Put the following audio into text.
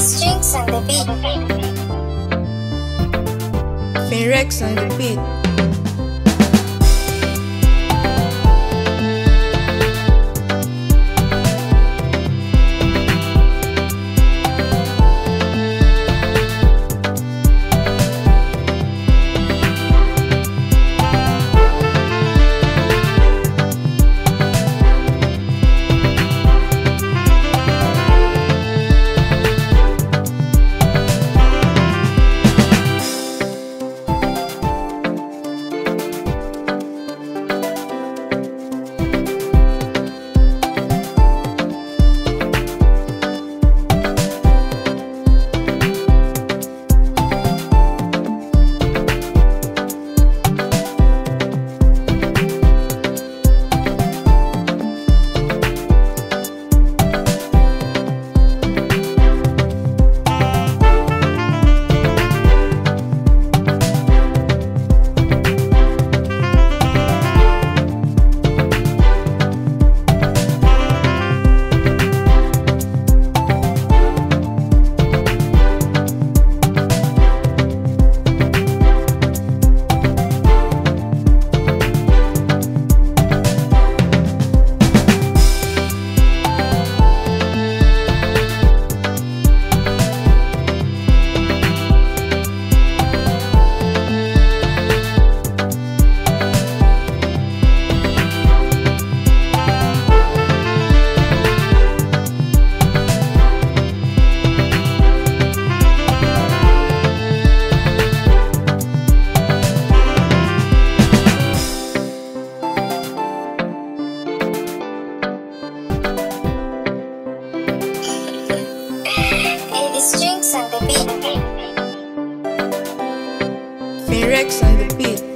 strings on the beat. Mirex on the beat. Rex on the beat.